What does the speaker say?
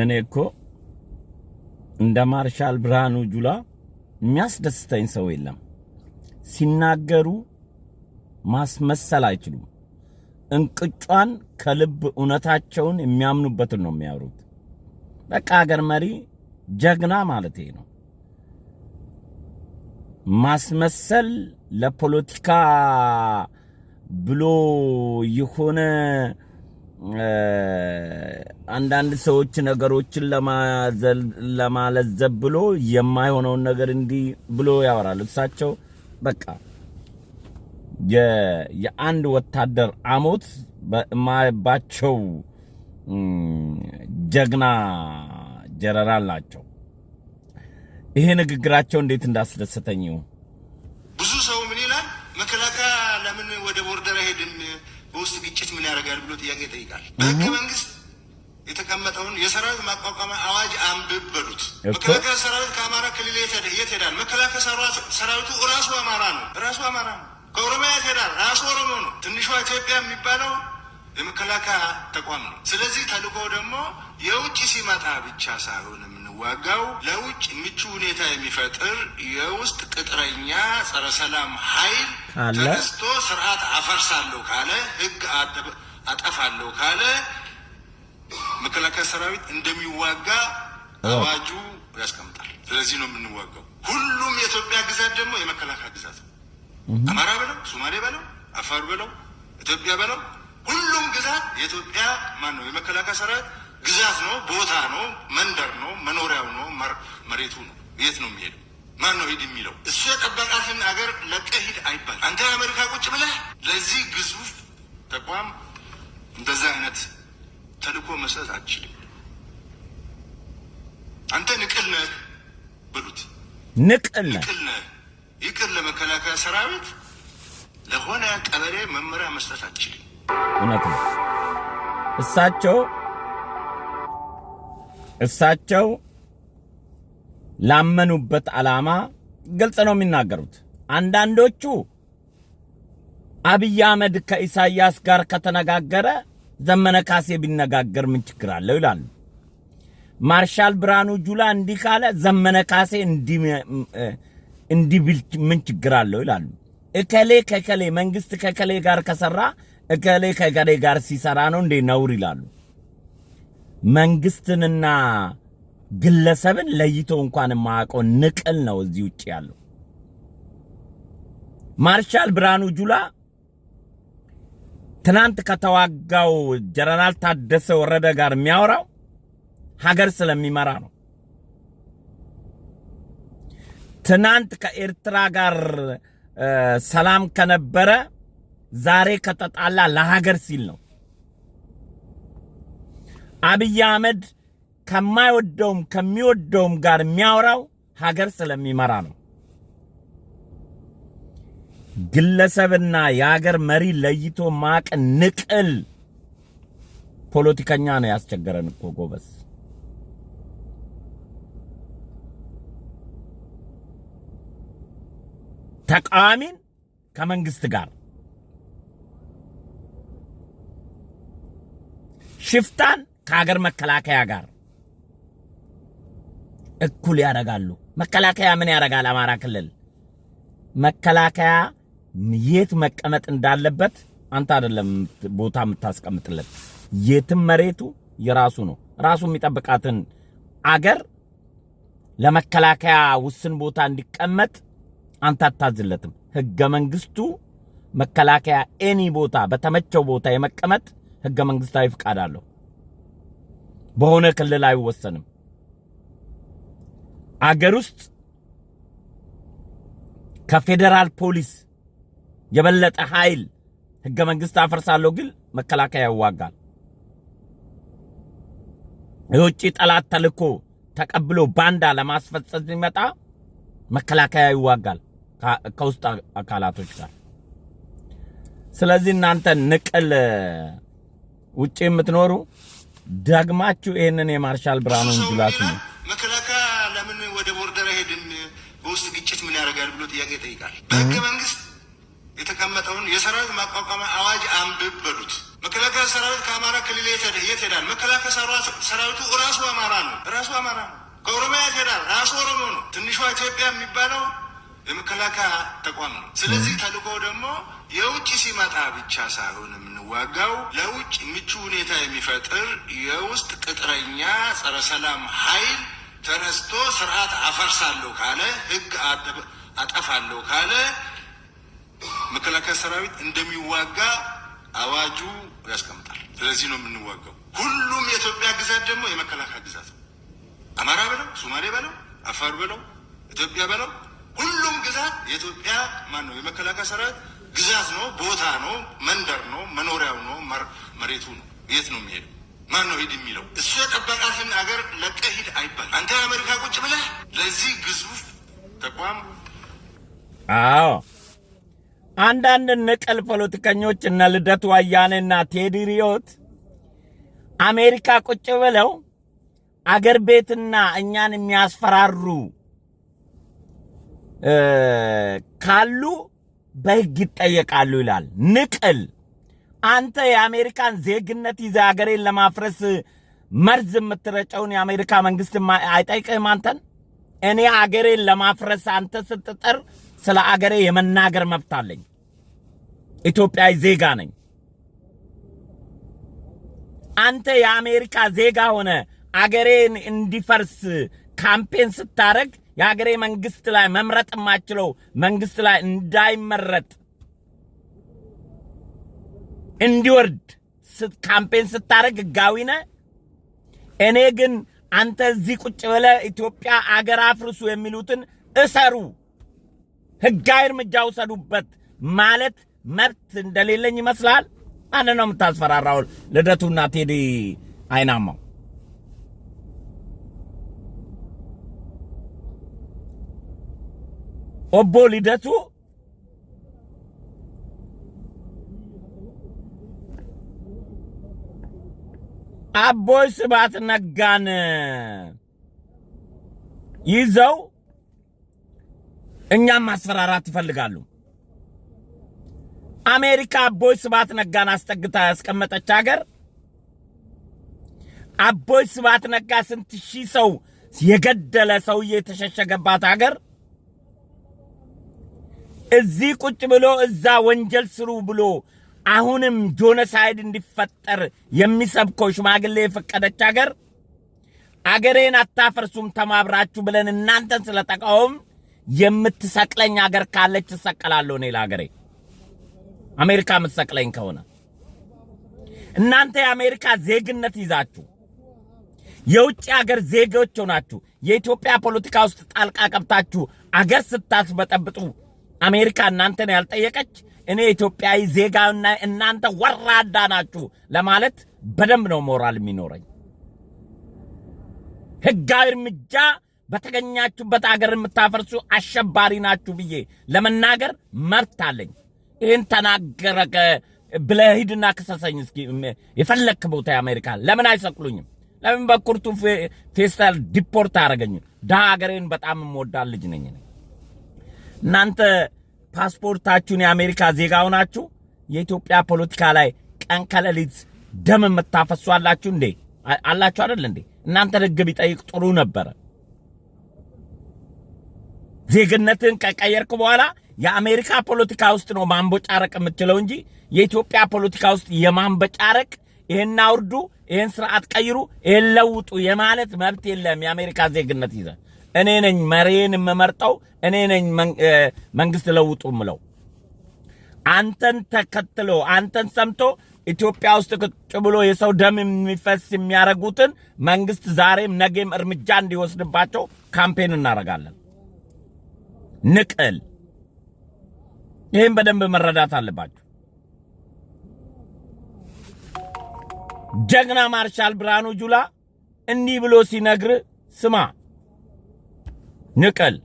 እኔ እኮ እንደ ማርሻል ብርሃኑ ጁላ የሚያስደስተኝ ሰው የለም። ሲናገሩ ማስመሰል አይችሉም። እንቅጯን ከልብ እውነታቸውን የሚያምኑበትን ነው የሚያወሩት። በቃ አገር መሪ ጀግና ማለት ነው። ማስመሰል ለፖለቲካ ብሎ የሆነ አንዳንድ ሰዎች ነገሮችን ለማለዘብ ብሎ የማይሆነውን ነገር እንዲህ ብሎ ያወራል። እሳቸው በቃ የአንድ ወታደር አሞት በማይባቸው ጀግና ጀነራል ናቸው። ይሄ ንግግራቸው እንዴት እንዳስደሰተኝ ብዙ ሰው ምን ይላል፣ መከላከያ ለምን ወደ ቦርደር አይሄድም? በውስጥ ግጭት ምን ያደርጋል ብሎ ጥያቄ ይጠይቃል። በህገ መንግስት የተቀመጠውን የሰራዊት ማቋቋሚያ አዋጅ አንብብ በሉት። መከላከያ ሰራዊት ከአማራ ክልል የት ሄዳል? መከላከያ ሰራዊቱ ራሱ አማራ ነው፣ ራሱ አማራ ነው። ከኦሮሚያ የት ሄዳል? ራሱ ኦሮሞ ነው። ትንሿ ኢትዮጵያ የሚባለው የመከላከያ ተቋም ነው። ስለዚህ ተልእኮ ደግሞ የውጭ ሲመጣ ብቻ ሳይሆንም ዋጋው ለውጭ ምቹ ሁኔታ የሚፈጥር የውስጥ ቅጥረኛ ጸረ ሰላም ኃይል ተነስቶ ስርዓት አፈርሳለሁ ካለ ህግ አጠፋለሁ ካለ መከላከያ ሰራዊት እንደሚዋጋ አዋጁ ያስቀምጣል። ስለዚህ ነው የምንዋጋው። ሁሉም የኢትዮጵያ ግዛት ደግሞ የመከላከያ ግዛት ነው። አማራ በለው፣ ሶማሌ በለው፣ አፋር በለው፣ ኢትዮጵያ በለው፣ ሁሉም ግዛት የኢትዮጵያ ማን ነው የመከላከያ ሰራዊት ግዛት ነው፣ ቦታ ነው፣ መንደር ነው፣ መኖሪያው ነው፣ መሬቱ ነው። የት ነው የሚሄደው? ማን ነው ሄድ የሚለው? እሱ የጠበቃትን አገር ለቀህ ሂድ አይባል። አንተ አሜሪካ ቁጭ ብለህ ለዚህ ግዙፍ ተቋም እንደዛ አይነት ተልእኮ መስጠት አችልም። አንተ ንቅል ነህ ብሉት። ንቅል ነህ ይቅር። ለመከላከያ ሰራዊት ለሆነ ቀበሌ መመሪያ መስጠት አችልም። እውነት ነው እሳቸው እሳቸው ላመኑበት ዓላማ ግልጽ ነው የሚናገሩት። አንዳንዶቹ አብይ አህመድ ከኢሳያስ ጋር ከተነጋገረ ዘመነ ካሴ ቢነጋገር ምን ችግር አለው ይላሉ። ማርሻል ብርሃኑ ጁላ እንዲህ ካለ ዘመነ ካሴ እንዲህ ቢል ምን ችግር አለው ይላሉ። እከሌ ከከሌ መንግስት ከከሌ ጋር ከሰራ እከሌ ከከሌ ጋር ሲሰራ ነው እንዴ ነውር ይላሉ። መንግስትንና ግለሰብን ለይቶ እንኳን የማያውቀው ንቅል ነው እዚህ ውጭ ያለው። ማርሻል ብርሃኑ ጁላ ትናንት ከተዋጋው ጀነራል ታደሰ ወረደ ጋር የሚያወራው ሀገር ስለሚመራ ነው። ትናንት ከኤርትራ ጋር ሰላም ከነበረ ዛሬ ከተጣላ ለሀገር ሲል ነው። አብይ አህመድ ከማይወደውም ከሚወደውም ጋር የሚያወራው ሀገር ስለሚመራ ነው። ግለሰብና የሀገር መሪ ለይቶ ማቅ ንቅል ፖለቲከኛ ነው ያስቸገረን እኮ ጎበዝ። ተቃዋሚን ከመንግስት ጋር ሽፍታን ከሀገር መከላከያ ጋር እኩል ያደርጋሉ። መከላከያ ምን ያደርጋል? አማራ ክልል መከላከያ የት መቀመጥ እንዳለበት አንተ አይደለም ቦታ የምታስቀምጥለት። የትም መሬቱ የራሱ ነው። ራሱ የሚጠብቃትን አገር ለመከላከያ ውስን ቦታ እንዲቀመጥ አንተ አታዝለትም። ህገ መንግስቱ መከላከያ ኤኒ ቦታ በተመቸው ቦታ የመቀመጥ ህገ መንግስታዊ ፍቃድ አለው። በሆነ ክልል አይወሰንም። አገር ውስጥ ከፌዴራል ፖሊስ የበለጠ ኃይል ህገ መንግስት አፈርሳለሁ ግን መከላከያ ያዋጋል። የውጭ ጠላት ተልኮ ተቀብሎ ባንዳ ለማስፈጸም ሲመጣ መከላከያ ይዋጋል ከውስጥ አካላቶች ጋር። ስለዚህ እናንተ ንቅል ውጭ የምትኖሩ ደግማችሁ ይህንን የማርሻል ብርሃኑን ጁላት ነው። መከላከያ ለምን ወደ ቦርደር አይሄድም? በውስጥ ግጭት ምን ያደርጋል ብሎ ጥያቄ ይጠይቃል። በህገ መንግስት የተቀመጠውን የሰራዊት ማቋቋሚያ አዋጅ አንብብ በሉት። መከላከያ ሰራዊት ከአማራ ክልል የት ሄዳል? መከላከያ ሰራዊቱ ራሱ አማራ ነው። ራሱ አማራ ነው። ከኦሮሚያ የት ሄዳል? ራሱ ኦሮሞ ነው። ትንሿ ኢትዮጵያ የሚባለው መከላከያ ተቋም ነው። ስለዚህ ተልእኮ ደግሞ የውጭ ሲመጣ ብቻ ሳይሆን የምንዋጋው ለውጭ ምቹ ሁኔታ የሚፈጥር የውስጥ ቅጥረኛ ጸረ ሰላም ኃይል ተነስቶ ስርዓት አፈርሳለሁ ካለ ህግ አጠፋለሁ ካለ መከላከያ ሰራዊት እንደሚዋጋ አዋጁ ያስቀምጣል። ስለዚህ ነው የምንዋጋው። ሁሉም የኢትዮጵያ ግዛት ደግሞ የመከላከያ ግዛት ነው። አማራ በለው፣ ሶማሌ በለው፣ አፋር በለው፣ ኢትዮጵያ በለው ሁሉም ግዛት የኢትዮጵያ ማን ነው የመከላከያ ሰራዊት ግዛት ነው፣ ቦታ ነው፣ መንደር ነው፣ መኖሪያው ነው፣ መሬቱ ነው። የት ነው የሚሄድ? ማን ነው ሂድ የሚለው? እሱ የጠበቃትን አገር ለቀህ ሂድ አይባል። አንተ አሜሪካ ቁጭ ብለህ ለዚህ ግዙፍ ተቋም አዎ አንዳንድ ነቀል ፖለቲከኞች እነ ልደቱ አያኔና ቴዲ ሪዮት አሜሪካ ቁጭ ብለው አገር ቤትና እኛን የሚያስፈራሩ ካሉ በህግ ይጠየቃሉ ይላል። ንቅል አንተ የአሜሪካን ዜግነት ይዘ ሀገሬን ለማፍረስ መርዝ የምትረጨውን የአሜሪካ መንግስት አይጠይቅህም አንተን? እኔ አገሬን ለማፍረስ አንተ ስትጥር ስለ አገሬ የመናገር መብት አለኝ። ኢትዮጵያዊ ዜጋ ነኝ። አንተ የአሜሪካ ዜጋ ሆነ አገሬን እንዲፈርስ ካምፔን ስታረግ የሀገሬ መንግስት ላይ መምረጥ የማችለው መንግስት ላይ እንዳይመረጥ እንዲወርድ ካምፔን ስታደርግ ህጋዊ ነ እኔ ግን አንተ እዚህ ቁጭ ብለህ ኢትዮጵያ አገር አፍርሱ የሚሉትን እሰሩ፣ ህጋዊ እርምጃ ውሰዱበት ማለት መብት እንደሌለኝ ይመስላል። አንድ ነው የምታስፈራራው? ልደቱና ቴዲ አይናማው ኦቦ ልደቱ አቦይ ስብሐት ነጋን ይዘው እኛም ማስፈራራት ይፈልጋሉ። አሜሪካ አቦይ ስብሐት ነጋን አስጠግታ ያስቀመጠች ሀገር አቦይ ስብሐት ነጋ ስንት ሺህ ሰው የገደለ ሰውዬ የተሸሸገባት ሀገር እዚህ ቁጭ ብሎ እዛ ወንጀል ስሩ ብሎ አሁንም ጆነሳይድ እንዲፈጠር የሚሰብከው ሽማግሌ የፈቀደች አገር አገሬን አታፈርሱም ተማብራችሁ ብለን እናንተን ስለጠቃውም የምትሰቅለኝ አገር ካለች ትሰቀላለሁ። እኔ ለአገሬ አሜሪካ የምትሰቅለኝ ከሆነ እናንተ የአሜሪካ ዜግነት ይዛችሁ የውጭ አገር ዜጎች ሆናችሁ የኢትዮጵያ ፖለቲካ ውስጥ ጣልቃ ገብታችሁ አገር ስታስበጠብጡ አሜሪካ እናንተን ያልጠየቀች እኔ ኢትዮጵያዊ ዜጋ እናንተ ወራዳ ናችሁ ለማለት በደንብ ነው ሞራል የሚኖረኝ። ህጋዊ እርምጃ በተገኛችሁበት አገር የምታፈርሱ አሸባሪ ናችሁ ብዬ ለመናገር መብት አለኝ። ይህን ተናገረ ብለህ ሂድና ክሰሰኝ እስኪ የፈለክ ቦታ የአሜሪካ ለምን አይሰቅሉኝም? ለምን በኩርቱ ፌስታል ዲፖርት አረገኝ? ድሃ ሀገሬን በጣም የምወዳ ልጅ ነኝ። እናንተ ፓስፖርታችሁን የአሜሪካ ዜጋ ሆናችሁ የኢትዮጵያ ፖለቲካ ላይ ቀን ከሌሊት ደም የምታፈሱ አላችሁ እንዴ? አላችሁ አይደል እንዴ? እናንተ ሕግ ቢጠይቅ ጥሩ ነበረ። ዜግነትን ከቀየርክ በኋላ የአሜሪካ ፖለቲካ ውስጥ ነው ማንቦጫረቅ የምትችለው እንጂ የኢትዮጵያ ፖለቲካ ውስጥ የማንበጫረቅ ይህን አውርዱ፣ ይህን ስርዓት ቀይሩ፣ ይህን ለውጡ የማለት መብት የለም። የአሜሪካ ዜግነት ይዘ እኔ ነኝ መሪዬን የምመርጠው፣ እኔ ነኝ መንግስት ለውጡ ምለው። አንተን ተከትሎ አንተን ሰምቶ ኢትዮጵያ ውስጥ ቁጭ ብሎ የሰው ደም የሚፈስ የሚያደርጉትን መንግስት ዛሬም ነገም እርምጃ እንዲወስድባቸው ካምፔን እናደርጋለን። ንቅል ይህም በደንብ መረዳት አለባችሁ። ጀግና ማርሻል ብርሃኑ ጁላ እንዲህ ብሎ ሲነግር ስማ ንቀል